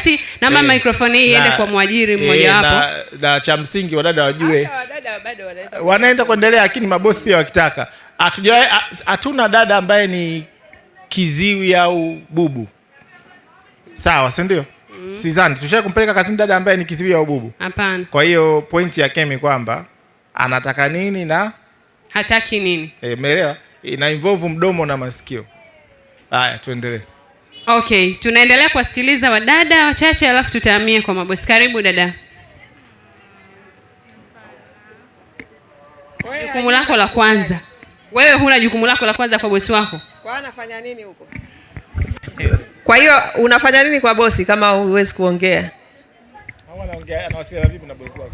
si naomba hey, eh, mikrofoni hii iende kwa mwajiri eh, mmoja wapo na, na cha msingi wadada wajue wanaenda kuendelea, lakini mabosi pia wakitaka. Hatujawahi, hatuna dada ambaye ni kiziwi au bubu, sawa, si mm. Sizani tushae kumpeleka kazini dada ambaye ni kiziwi au bubu, hapana. Kwa hiyo pointi ya Kemi kwamba anataka nini na hataki nini, eh, umeelewa? E, ina involve mdomo na masikio. Haya, tuendelee. Okay, tunaendelea kuwasikiliza wadada wachache alafu tutahamia kwa mabosi. Karibu dada. Jukumu lako la kwanza. Wewe huna jukumu lako la kwanza kwa bosi wako? Kwa anafanya nini huko? Kwa hiyo unafanya nini kwa bosi kama huwezi kuongea?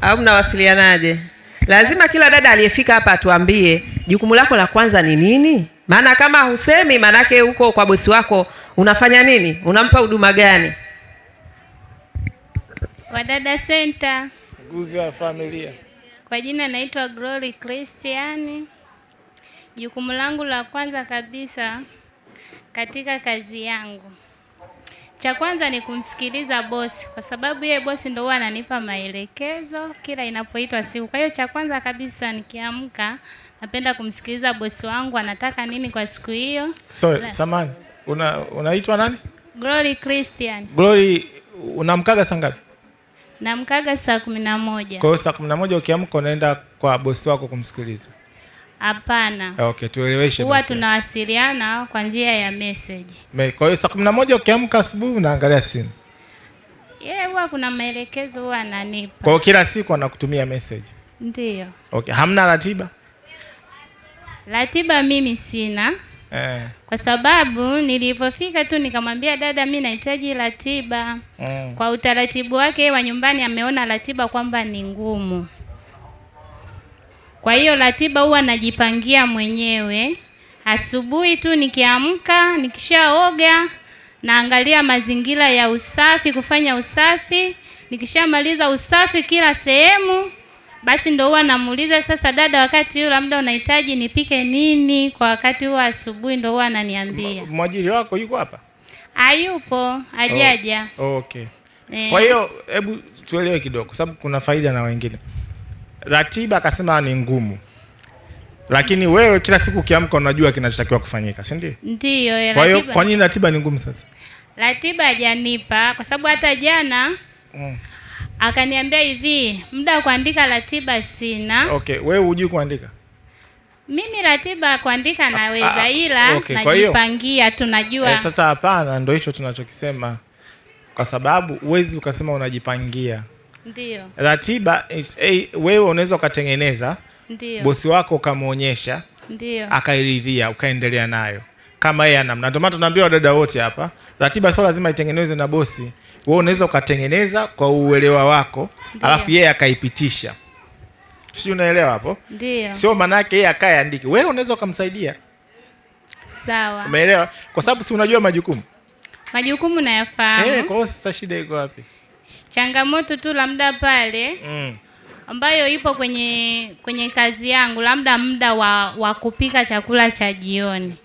Au mnawasilianaje? Lazima kila dada aliyefika hapa atuambie jukumu lako la kwanza ni nini? Maana kama husemi, maanake huko kwa bosi wako unafanya nini? Unampa huduma gani? Wadada Senta, nguzo ya familia. Kwa jina naitwa Glory Christiani. Jukumu langu la kwanza kabisa katika kazi yangu, cha kwanza ni kumsikiliza bosi, kwa sababu yeye bosi ndo huwa ananipa maelekezo kila inapoitwa siku. Kwa hiyo cha kwanza kabisa nikiamka, napenda kumsikiliza bosi wangu anataka nini kwa siku hiyo. Sorry, samani una unaitwa nani? Glory Christian. Glory unamkaga saa ngapi? Namkaga saa kumi na moja. Kwa hiyo saa kumi na moja ukiamka unaenda kwa bosi wako kumsikiliza? Hapana. Eh, okay, tueleweshe. Huwa tunawasiliana kwa njia ya message. Kwa hiyo saa kumi na moja ukiamka asubuhi unaangalia simu? Yeah, huwa kuna maelekezo huwa ananipa. Kwa hiyo kila siku anakutumia message? Ndiyo. Okay, hamna ratiba? Ratiba mimi sina. Eh. Kwa sababu nilivyofika tu nikamwambia dada, mi nahitaji ratiba mm. Kwa utaratibu wake wa nyumbani ameona ratiba kwamba ni ngumu, kwa hiyo ratiba huwa najipangia mwenyewe. Asubuhi tu nikiamka, nikishaoga naangalia mazingira ya usafi, kufanya usafi. Nikishamaliza usafi kila sehemu basi ndo huwa namuuliza sasa, dada, wakati huu labda unahitaji nipike nini kwa wakati huo asubuhi, ndo huwa ananiambia. Mwajiri wako yuko hapa? Hayupo, hajaja. Oh, okay. Yeah. Kwa hiyo hebu tuelewe kidogo, kwa sababu kuna faida na wengine. Ratiba akasema ni ngumu, lakini wewe kila siku ukiamka unajua kinachotakiwa kufanyika, si ndio? Ndio. Eh, kwa hiyo kwa nini ratiba ni ngumu sasa? Ratiba hajanipa kwa sababu hata jana mm akaniambia hivi, muda wa kuandika ratiba sina. Okay, wewe hujui kuandika? Mimi ratiba kuandika ah, naweza, ah, ila okay, najipangia tunajua. Eh, sasa hapana, ndio hicho tunachokisema, kwa sababu huwezi ukasema unajipangia. Ndio ratiba is, hey, wewe unaweza ukatengeneza, ndio bosi wako ukamwonyesha, ndio akairidhia, ukaendelea nayo kama yeye anamna. Ndio maana tunaambia wadada wote hapa, ratiba sio lazima itengenezwe na bosi wewe unaweza ukatengeneza kwa uelewa wako Ndiyo. alafu yeye akaipitisha, si unaelewa hapo? sio maana yake yeye andike wewe unaweza ukamsaidia. Sawa, umeelewa? Kwa sababu si unajua majukumu majukumu nayafahamu. Eh, kwa hiyo sasa shida iko wapi? Changamoto tu labda pale mm ambayo ipo kwenye kwenye kazi yangu, labda muda wa, wa kupika chakula cha jioni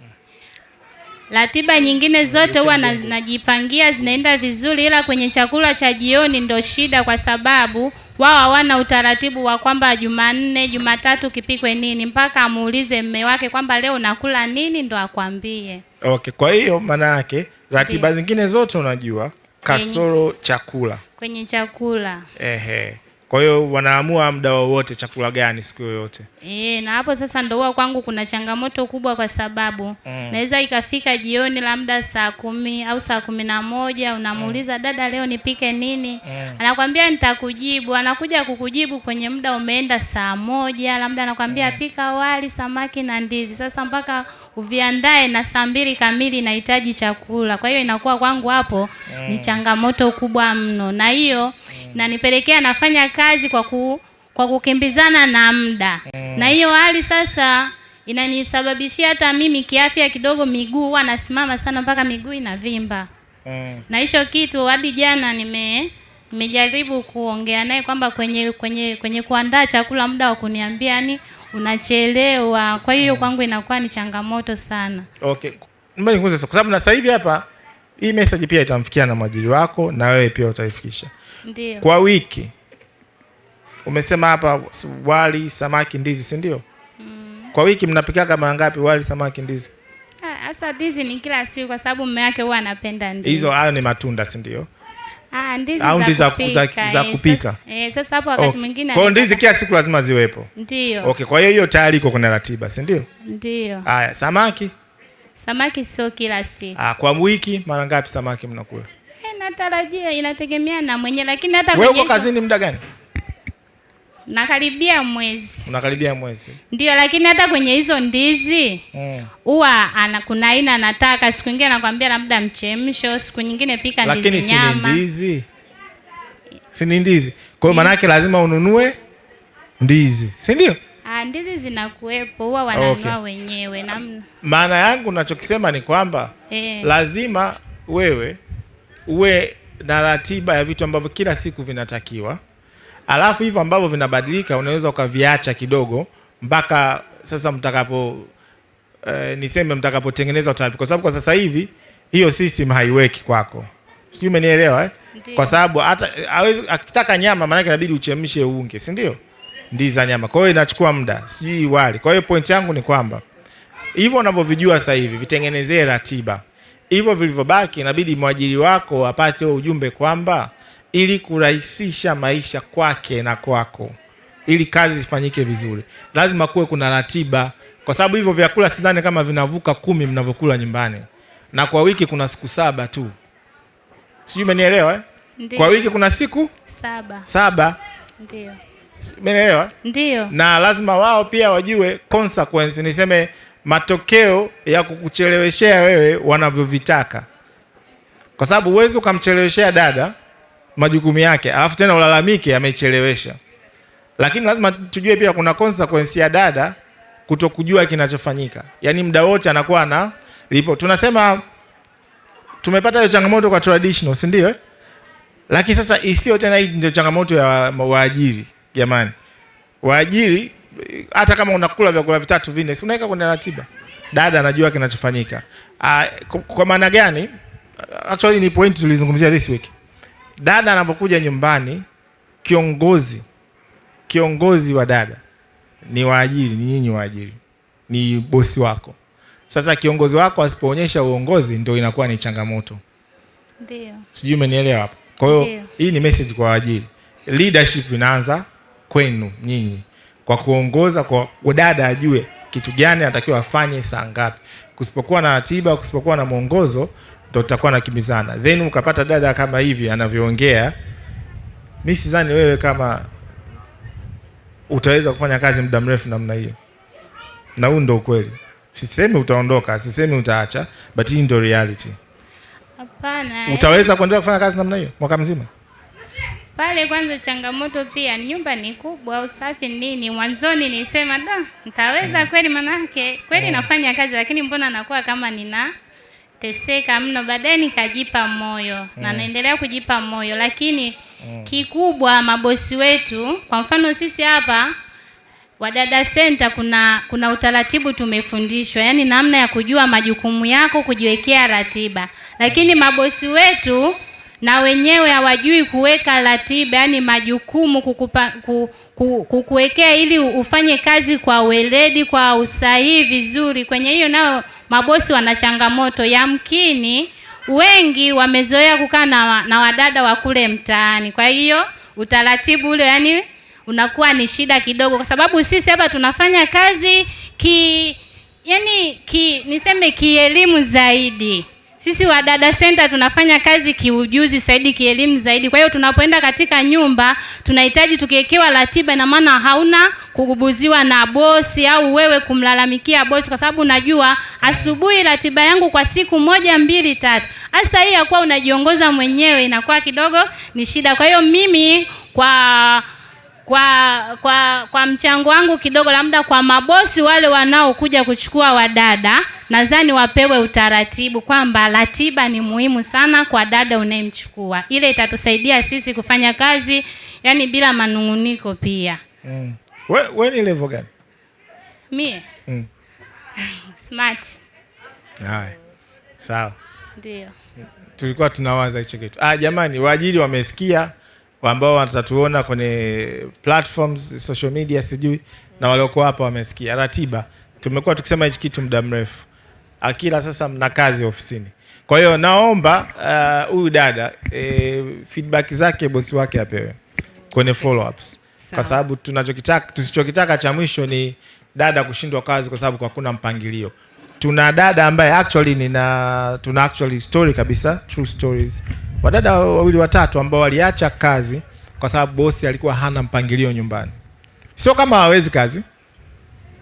Ratiba nyingine zote huwa najipangia zinaenda vizuri, ila kwenye chakula cha jioni ndo shida, kwa sababu wao hawana utaratibu wa kwamba Jumanne, Jumatatu kipikwe nini, mpaka amuulize mme wake kwamba leo nakula nini ndo akwambie. Okay, kwa hiyo maana yake ratiba zingine zote unajua, kasoro kwenye chakula, kwenye chakula ehe. Kwa hiyo wanaamua muda wowote chakula gani siku yoyote. E, na hapo sasa huwa kwangu kuna changamoto kubwa kwa sababu mm. naweza ikafika jioni labda saa kumi au saa kumi na moja unamuuliza mm. dada, leo nipike nini? mm. anakwambia nitakujibu, anakuja kukujibu kwenye muda umeenda saa moja, labda anakwambia mm. pika wali, samaki na ndizi. Sasa mpaka uviandae na saa mbili kamili inahitaji chakula, kwa hiyo inakuwa kwangu hapo mm. ni changamoto kubwa mno, na hiyo Eh. nanipelekea nafanya kazi kwa, ku, kwa kukimbizana na muda mm. na hiyo hali sasa inanisababishia hata mimi kiafya kidogo, miguu huwa nasimama sana mpaka miguu inavimba mm. na hicho kitu hadi jana nime nimejaribu kuongea naye kwamba kwenye kwenye kwenye kuandaa chakula muda wa kuniambia yani unachelewa. Kwa hiyo mm. kwangu inakuwa ni changamoto sana. Okay, kwa sababu na sasa hivi hapa hii message pia itamfikia na mwajiri wako na wewe pia utaifikisha. Ndiyo. Kwa wiki umesema hapa wali, samaki, ndizi, si ndio? Mm. Kwa wiki mnapikaga mara ngapi wali, samaki, ndizi? Sasa ndizi ni kila siku kwa sababu mume wake huwa anapenda ndizi. Hizo hayo ni matunda, si ndio? Ah, ndizi au ndizi za kupika. Za eh, kupika. Eh, sasa hapo wakati mwingine. Kwa ndizi kila siku lazima ziwepo. Ndio. Okay, kwa hiyo hiyo tayari iko kuna ratiba, si ndio? Ndio. Haya, samaki? Samaki sio kila siku. Ah, kwa wiki mara ngapi samaki mnakula? natarajia, inategemea na mwenye, lakini hata wewe uko kazini muda gani? Nakaribia mwezi. Unakaribia mwezi. Ndio, lakini hata kwenye hizo ndizi mm. huwa mm. kuna aina nataka, siku nyingine nakwambia labda mchemsho, siku nyingine pika lakini ndizi nyama. Lakini si ndizi. Si ndizi. Kwa hiyo mm. maanake lazima ununue ndizi. Si ndio? Ah, ndizi zinakuwepo, huwa wananua okay. wenyewe namna. Maana yangu nachokisema ni kwamba eh. lazima wewe uwe na ratiba ya vitu ambavyo kila siku vinatakiwa, alafu hivyo ambavyo vinabadilika unaweza ukaviacha kidogo mpaka sasa mtakapo eh, niseme mtakapotengeneza utaratibu, kwa sababu kwa sasa hivi hiyo system haiweki kwako, sijui umenielewa eh? Kwa sababu hata hawezi akitaka nyama, maanake inabidi uchemshe unge, si ndio? za nyama, kwa hiyo inachukua muda, sijui wali. Kwa hiyo point yangu ni kwamba hivyo unavyovijua sasa hivi vitengenezee ratiba hivyo vilivyobaki, inabidi mwajiri wako apate huo ujumbe kwamba ili kurahisisha maisha kwake na kwako, ili kazi zifanyike vizuri, lazima kuwe kuna ratiba, kwa sababu hivyo vyakula sidhani kama vinavuka kumi mnavyokula nyumbani, na kwa wiki kuna siku saba tu, sijui umenielewa eh? Kwa wiki kuna siku saba, saba. Ndiyo. Ndiyo. Na lazima wao pia wajue consequence, niseme matokeo ya kukucheleweshea wewe wanavyovitaka, kwa sababu huwezi ukamcheleweshea dada majukumu yake alafu tena ulalamike amechelewesha. Lakini lazima tujue pia kuna consequence ya dada kuto kujua kinachofanyika, yaani muda wote anakuwa na lipo. Tunasema tumepata hiyo changamoto kwa traditional, si ndio? Eh? Lakini sasa isiyo tena, hii ndio changamoto ya waajiri. Jamani, waajiri hata kama unakula vyakula vitatu vinne, si unaweka kwenye ratiba. Dada anajua kinachofanyika. Uh, kwa maana gani? Actually ni point tulizungumzia this week. Dada anapokuja nyumbani, kiongozi kiongozi wa dada ni waajiri, ni nyinyi waajiri, ni bosi wako. Sasa kiongozi wako asipoonyesha uongozi, ndio inakuwa ni changamoto. Ndio, sijui umenielewa hapo. Kwa hiyo hii ni message kwa waajiri, leadership inaanza kwenu nyinyi kwa kuongoza kwa dada ajue kitu gani anatakiwa afanye saa ngapi. Kusipokuwa na ratiba, kusipokuwa na mwongozo, ndo tutakuwa kimizana, Then ukapata dada kama hivi anavyoongea, mi sidhani wewe kama utaweza kufanya kazi muda mrefu namna hiyo, na huu ndo ukweli. Sisemi utaondoka, sisemi utaacha, but hii ndo reality. Hapana, utaweza kuendelea kufanya kazi namna hiyo mwaka mzima? pale. Kwanza changamoto pia nyumba ni kubwa, usafi nini, mwanzoni nisema da, nitaweza mm. kweli? Manake kweli mm. nafanya kazi, lakini mbona nakuwa kama nina teseka mno. Baadaye nikajipa moyo mm. na naendelea kujipa moyo, lakini mm. kikubwa mabosi wetu, kwa mfano sisi hapa Wadada Senta kuna kuna utaratibu tumefundishwa, yaani namna ya kujua majukumu yako, kujiwekea ratiba, lakini mm. mabosi wetu na wenyewe hawajui kuweka ratiba, yani majukumu kukupa, ku, ku, kukuwekea ili ufanye kazi kwa weledi, kwa usahihi vizuri. Kwenye hiyo nao mabosi wana changamoto. Yamkini wengi wamezoea kukaa na, na wadada wa kule mtaani, kwa hiyo utaratibu ule yani unakuwa ni shida kidogo, kwa sababu sisi hapa tunafanya kazi ki yani ki niseme kielimu zaidi sisi wa Dada Center tunafanya kazi kiujuzi zaidi, kielimu zaidi. Kwa hiyo tunapoenda katika nyumba tunahitaji tukiwekewa ratiba, ina maana hauna kugubuziwa na bosi au wewe kumlalamikia bosi, kwa sababu unajua asubuhi ratiba yangu kwa siku moja mbili tatu. Hasa hii ya kuwa unajiongoza mwenyewe inakuwa kidogo ni shida. Kwa hiyo mimi kwa kwa kwa kwa mchango wangu kidogo, labda kwa mabosi wale wanaokuja kuchukua wadada, nadhani wapewe utaratibu kwamba ratiba ni muhimu sana kwa dada unayemchukua. Ile itatusaidia sisi kufanya kazi yani bila manunguniko pia. Mm. We, we ni level gani? Mie? Mm. Smart. Sawa. Ndio. Tulikuwa tunawaza hicho kitu. Ah, jamani, waajiri wamesikia ambao watatuona kwenye platforms social media sijui na waliokuwa hapa wamesikia ratiba. Tumekuwa tukisema hichi kitu muda mrefu, akila sasa mna kazi ofisini. Kwa hiyo naomba uh, huyu uh, dada e, feedback zake bosi wake apewe kwenye follow ups, kwa sababu tunachokitaka tusichokitaka cha mwisho ni dada kushindwa kazi kwa sababu hakuna mpangilio. Tuna dada ambaye actually nina tuna actually story kabisa, true stories wadada wawili watatu ambao waliacha kazi kwa sababu bosi alikuwa hana mpangilio nyumbani. Sio kama hawezi kazi,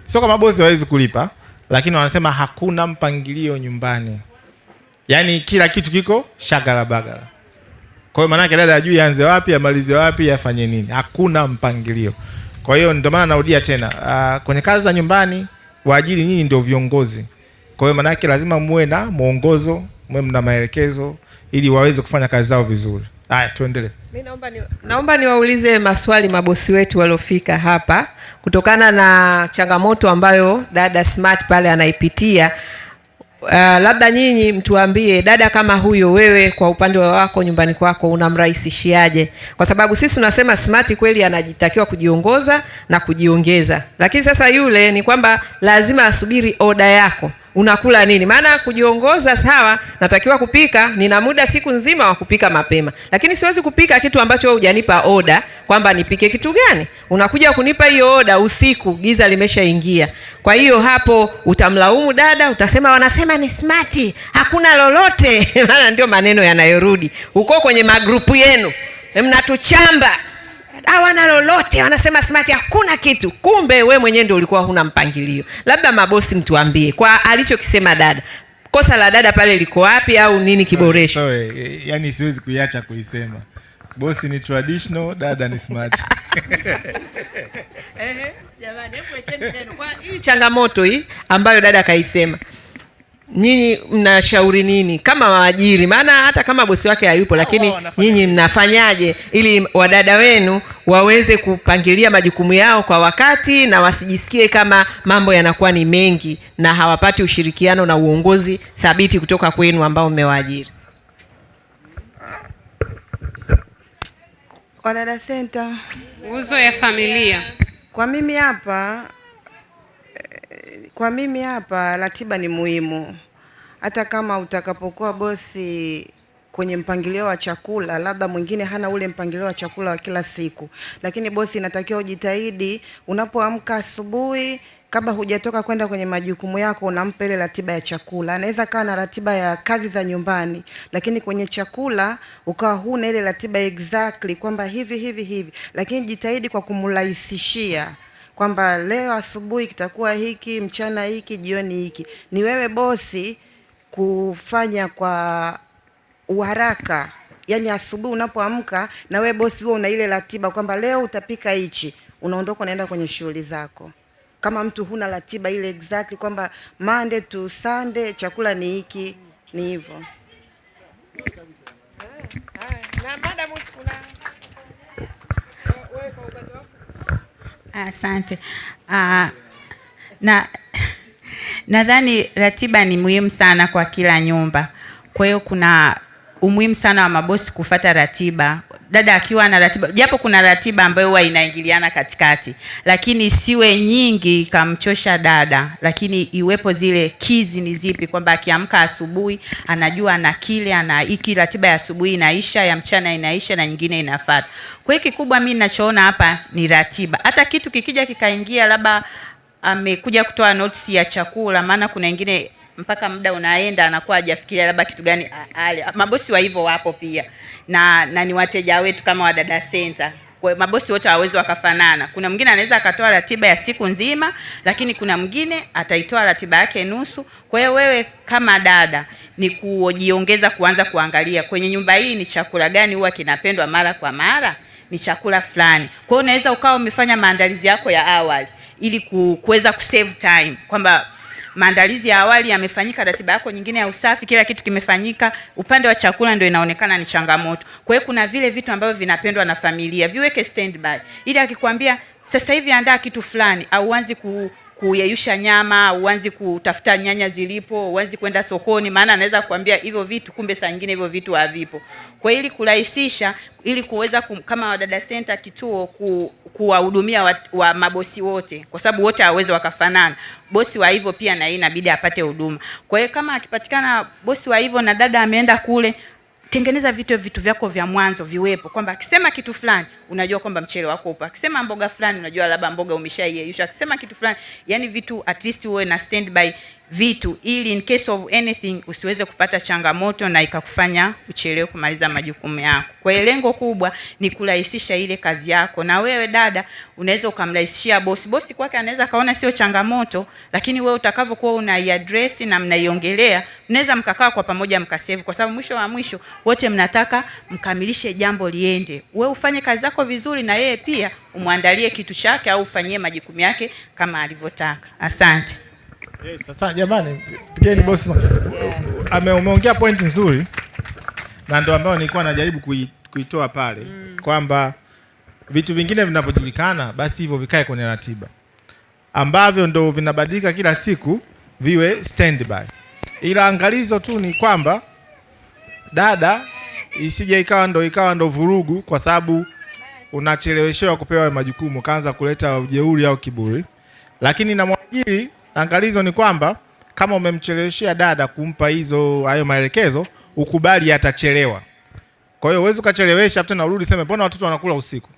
sio kama bosi hawezi kulipa, lakini wanasema hakuna mpangilio nyumbani, yaani kila kitu kiko shagala bagala. Kwa hiyo maanake dada ajui aanze wapi, amalize wapi, afanye nini, hakuna mpangilio. Kwa hiyo ndio maana narudia tena, uh, kwenye kazi za nyumbani waajiri nyinyi ndio viongozi. Kwa hiyo maanake lazima muwe na mwongozo, muwe mna maelekezo ili waweze kufanya kazi zao vizuri. Haya, tuendelee. Mimi naomba ni, naomba niwaulize maswali mabosi wetu waliofika hapa kutokana na changamoto ambayo dada Smart pale anaipitia. Uh, labda nyinyi mtuambie dada kama huyo, wewe kwa upande wako nyumbani kwako unamrahisishiaje? Kwa sababu sisi tunasema Smart kweli anajitakiwa kujiongoza na kujiongeza, lakini sasa yule ni kwamba lazima asubiri oda yako unakula nini? Maana kujiongoza sawa, natakiwa kupika, nina muda siku nzima wa kupika mapema, lakini siwezi kupika kitu ambacho wewe hujanipa oda kwamba nipike kitu gani. Unakuja kunipa hiyo oda usiku, giza limeshaingia. Kwa hiyo hapo utamlaumu dada, utasema wanasema ni smart, hakuna lolote maana ndio maneno yanayorudi huko kwenye magrupu yenu, mnatuchamba hawana lolote, wanasema smati hakuna kitu. Kumbe we mwenyewe ndo ulikuwa huna mpangilio. Labda mabosi, mtuambie kwa alichokisema dada, kosa la dada pale liko wapi au nini kiboresho? Sorry, sorry. Eh, yani siwezi kuiacha kuisema, bosi ni traditional, dada ni smart. Jamani, hebu kwa hii changamoto hii ambayo dada kaisema nyinyi mnashauri nini kama waajiri? Maana hata kama bosi wake hayupo, lakini nyinyi mnafanyaje ili wadada wenu waweze kupangilia majukumu yao kwa wakati na wasijisikie kama mambo yanakuwa ni mengi na hawapati ushirikiano na uongozi thabiti kutoka kwenu ambao mmewaajiri? Wadada Senta, nguzo ya familia. Kwa mimi hapa kwa mimi hapa ratiba ni muhimu. Hata kama utakapokuwa bosi kwenye mpangilio wa chakula, labda mwingine hana ule mpangilio wa chakula wa kila siku, lakini bosi inatakiwa ujitahidi unapoamka asubuhi kabla hujatoka kwenda kwenye majukumu yako, unampa ile ratiba ya chakula. Anaweza kawa na ratiba ya kazi za nyumbani, lakini kwenye chakula ukawa huna ile ratiba exactly kwamba hivi hivi hivi, lakini jitahidi kwa kumrahisishia kwamba leo asubuhi kitakuwa hiki, mchana hiki, jioni hiki. Ni wewe bosi kufanya kwa uharaka, yani asubuhi unapoamka, na wewe bosi huo una ile ratiba kwamba leo utapika hichi, unaondoka unaenda kwenye shughuli zako. Kama mtu huna ratiba ile exactly kwamba Monday to Sunday chakula ni hiki, ni hivyo. Asante. Ah, na nadhani ratiba ni muhimu sana kwa kila nyumba. Kwa hiyo kuna umuhimu sana wa mabosi kufata ratiba dada akiwa na ratiba, japo kuna ratiba ambayo huwa inaingiliana katikati, lakini siwe nyingi ikamchosha dada, lakini iwepo zile kizi ni zipi, kwamba akiamka asubuhi anajua na kile ana hiki, ratiba ya asubuhi inaisha, ya mchana inaisha na nyingine inafuata. Kwa hiyo kikubwa mimi ninachoona hapa ni ratiba. Hata kitu kikija kikaingia, labda amekuja kutoa notice ya chakula, maana kuna wengine mpaka muda unaenda anakuwa hajafikiria labda kitu gani ale. Mabosi wa hivyo wapo pia na, na ni wateja wetu kama Wadada Center. Kwa mabosi wote hawawezi wakafanana. Kuna mwingine anaweza akatoa ratiba ya siku nzima, lakini kuna mwingine ataitoa ratiba yake nusu. Kwa hiyo wewe kama dada ni kujiongeza kuanza kuangalia kwenye nyumba hii ni chakula gani huwa kinapendwa mara kwa mara, ni chakula fulani. Kwa hiyo unaweza ukawa umefanya maandalizi yako ya awali ili kuweza kusave time kwamba maandalizi ya awali yamefanyika, ratiba yako nyingine ya usafi, kila kitu kimefanyika. Upande wa chakula ndio inaonekana ni changamoto. Kwa hiyo kuna vile vitu ambavyo vinapendwa na familia, viweke standby, ili akikwambia sasa hivi andaa kitu fulani, au ku kuyeyusha nyama, uanze kutafuta nyanya zilipo, uanze kwenda sokoni, maana anaweza kukwambia hivyo vitu, kumbe saa nyingine hivyo vitu havipo. Kwa ili kurahisisha, ili kuweza kum, kama Wadada Center kituo ku, kuwahudumia wa, wa mabosi wote, kwa sababu wote hawawezi wakafanana. Bosi wa hivyo pia na yeye inabidi apate huduma. Kwa hiyo kama akipatikana bosi wa hivyo na dada ameenda kule tengeneza vitu vitu vyako vya mwanzo viwepo, kwamba akisema kitu fulani unajua kwamba mchele wako upo, akisema mboga fulani unajua labda mboga umeshaiyeyusha, akisema kitu fulani, yani vitu at least uwe na standby vitu ili in case of anything usiweze kupata changamoto na ikakufanya uchelewe kumaliza majukumu yako. Kwa hiyo lengo kubwa ni kurahisisha ile kazi yako, na wewe dada unaweza ukamrahisishia bosi. Bosi kwake anaweza kaona sio changamoto, lakini wewe utakavyokuwa unaiaddress na mnaiongelea, mnaweza mkakaa kwa pamoja mkasave, kwa sababu mwisho wa mwisho wote mnataka mkamilishe jambo liende, wewe ufanye kazi zako vizuri na yeye pia umwandalie kitu chake au ufanyie majukumu yake kama alivyotaka. Asante. Eh, sasa jamani, pigeni bosi. Umeongea point nzuri na ndo ambayo nilikuwa najaribu kuitoa pale mm, kwamba vitu vingine vinavyojulikana basi hivyo vikae kwenye ratiba ambavyo ndo vinabadilika kila siku viwe standby, ila angalizo tu ni kwamba dada isije ikawa ndo ikawa ndo vurugu, kwa sababu unacheleweshewa kupewa majukumu, kaanza kuleta ujeuri au kiburi, lakini na mwajiri Angalizo ni kwamba kama umemcheleweshea dada kumpa hizo hayo maelekezo, ukubali atachelewa. Kwa hiyo uwezi ukachelewesha afuta na urudi sema mbona watoto wanakula usiku.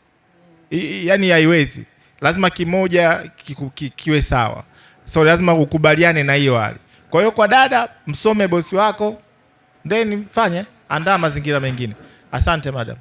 I, yani haiwezi. Lazima kimoja kiku, ki, kiwe sawa. So lazima ukubaliane na hiyo hali. Kwa hiyo kwa dada msome bosi wako then fanye andaa mazingira mengine. Asante madam.